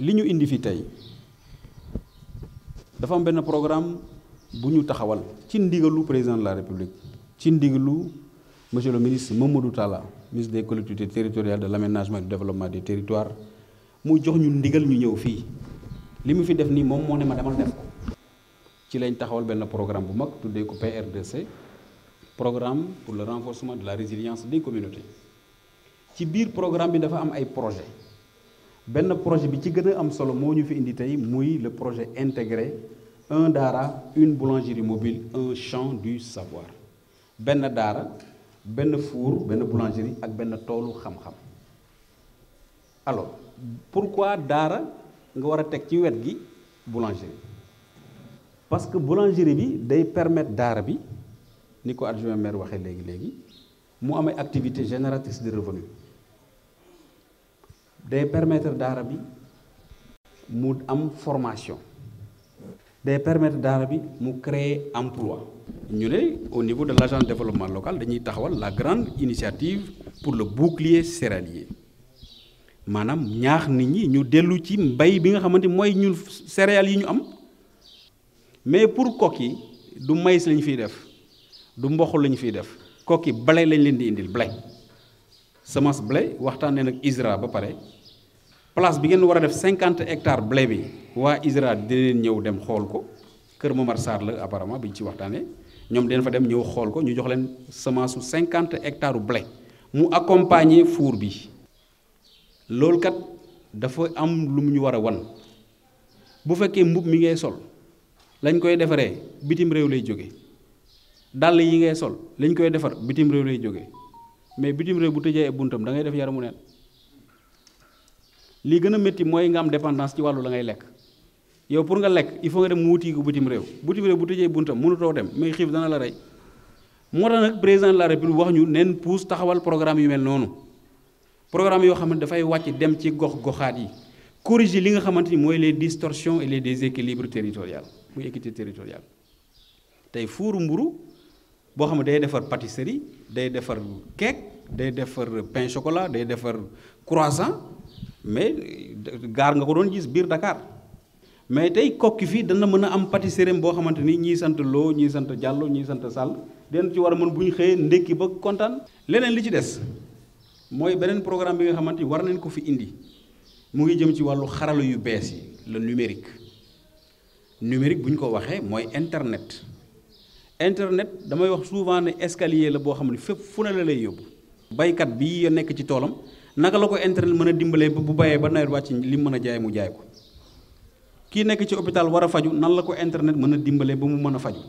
li ñu indi fi tey dafa am benn programme bu ñu taxawal ci ndigalu président de la république ci ndigalu monsieur le ministre Mamadou Talla ministre des collectivités territoriales de l'aménagement et du développement des territoires mu jox ñu ndigal ñu ñëw fii li mu fi def nii moom moo ne ma demal def ko ci lañ taxawal benn programme bu mag tuddee ko PRDC programme pour le renforcement de la résilience des communautés ci biir programme bi dafa am ay projet ben projet bi ci gëna am solo moo ñu fi indi tay muy le projet intégré un dara une boulangerie mobile un champ du savoir ben dara ben four ben boulangerie ak ben tolu xam-xam alors pourquoi dara nga wara tek ci wet gi boulangerie parce que boulangerie bi day permettre dara bi niko ko adjoint maire waxee légui léegi mu amay activité génératrice de revenus day permettre daara bi mu am formation day permettre daara bi mu créer emploi ñu ne au niveau de l'agence de développement local dañuy taxawal la grande initiative pour le bouclier céréalier maanaam ñaax nit ñi ñu dellu ci mbay bi nga xamante mooy ñun céréales yi ñu am mais pour coq yi du maïs lañu fiy def du mboq lañu fiy def coq yi blé lañ leen di indil blé semence blé waxtaanee nag ISRA ba pare. place bi ngeen war a def 50 hectares blé bi waa ISRA di leen ñëw dem xool ko Kër Momar Sarr la apparemment bi ñu ci waxtaanee ñoom dina fa dem ñëw xool ko ñu jox leen semence 50 hectares blé mu accompagner four bi loolu kat dafa am lu mu ñu war a wan bu fekkee mbub mi ngay sol lañ koy defaree bitim réew lay jóge dàll yi ngay sol lañ koy defar bitim réew lay jóge mais bitim réew bu tëjee buntam da ngay def yaramu neen li gëna metti moy nga am dépendance ci la ngay ne yow pour nga il faut que les gens ko rew la président de la république wax ñu taxawal programme yu mel programme dem ci goxaat corriger les distorsions et les déséquilibres territoriaux mu équité territoriale tay fouru mburu bo xam day pâtisserie day cake day pain chocolat day defar croissant mais gar nga ko doon gis biir Dakar mais tay kok fi dana mën a am pâtisserie bo xamanteni ñi ñii sant Lo ñi sant jallo ñi sant sal den ci war a mën bu ñu xëyee ba beren leneen li ci dess moy benen programme bi nga xamanteni war nañ ko fi indi mu ngi jëm ci walu xaralu yu bees yi le numérique numérique buñ ko waxe moy internet internet damay wax souvent ne escalier la bo xamanteni fepp fépp fu ne la lay yóbbu baykat bi ya nek ci naka lako internet mana a bu bayé ba nawet wacc li meuna jaay mu jaay ko ki nek ci hôpital wara faju nan lako internet meuna dimbalé bu mu meuna faju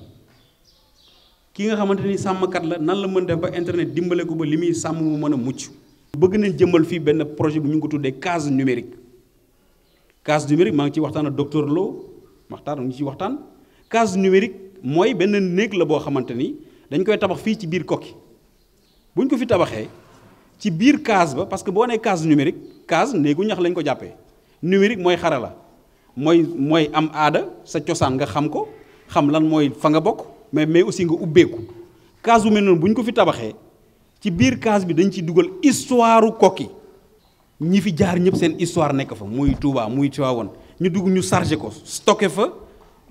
ki nga xamanteni sam kat la nan la meun def ba internet dimbalé ko ba limi sam mu meuna jemal mucc bëgg nañ jëmmal fi ben projet bu ñu ko tuddé case numérique case numérique ma ngi ci waxtaan docteur Lo waxtaan ñu ci waxtaan case numérique moy ben nek la bo xamanteni dañ koy tabax fi ci bir kokki buñ ko fi tabaxé ci biir case ba parce que boo nee case numérique case néegu ñax lañ ko jàppee numérique mooy xarala mooy mooy am aada sa cosaan nga xam ko xam lan mooy fa nga bokk mais mais aussi nga ubbeeku case bu mel noonu bu ñu ko fi tabaxee ci biir case bi dañ ci dugal histoire kokki ñi fi jaar ñëpp seen histoire nekk fa muy Touba muy Tivaouane ñu dugg ñu chargé ko stocké fa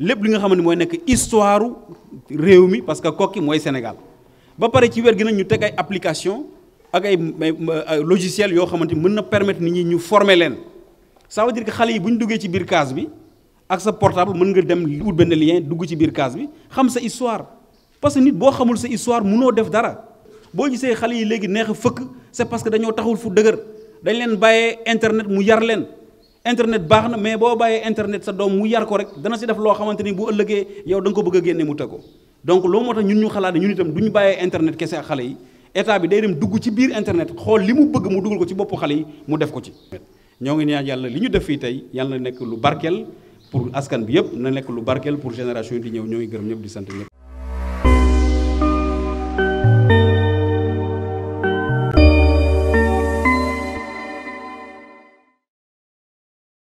lépp li nga xam ne mooy nekk histoire réew mi parce que kokki mooy Sénégal ba pare ci wér gi nag ñu teg ay application ak ay logicielle yoo xamante mën na permettre nit ñi ñu former leen ça veut dire xale yi bu ñu duggee ci biir case bi ak sa portable mën nga dem wut benn lien dugg ci biir case bi xam sa histoire parce que nit boo xamul sa histoire mënoo def dara boo gisee xale yi léegi neex a fëkk c'est parce que dañoo taxul fu dëgër dañ leen bàyyee internet mu yar leen internet baax na mais boo bàyyee internet sa doom mu yar ko rek dana si def loo xamante ni bu ëllëgee yow da ko bëgg a génne mu teg ko donc loo moo tax ñun ñu xalaat ne ñun itam du ñu bàyyee internet kese xale yi état bi day dem dugg ci biir internet xool li mu bëgg mu dugal ko ci boppu xale yi mu def ko ci. ñoo ngi ñaan yàlla li ñu def fii tey yàlla na nekk lu barkeel pour askan bi yëpp na nekk lu barkeel pour génération yi di ñëw ñoo ngi gërëm ñëpp di sant ñëpp.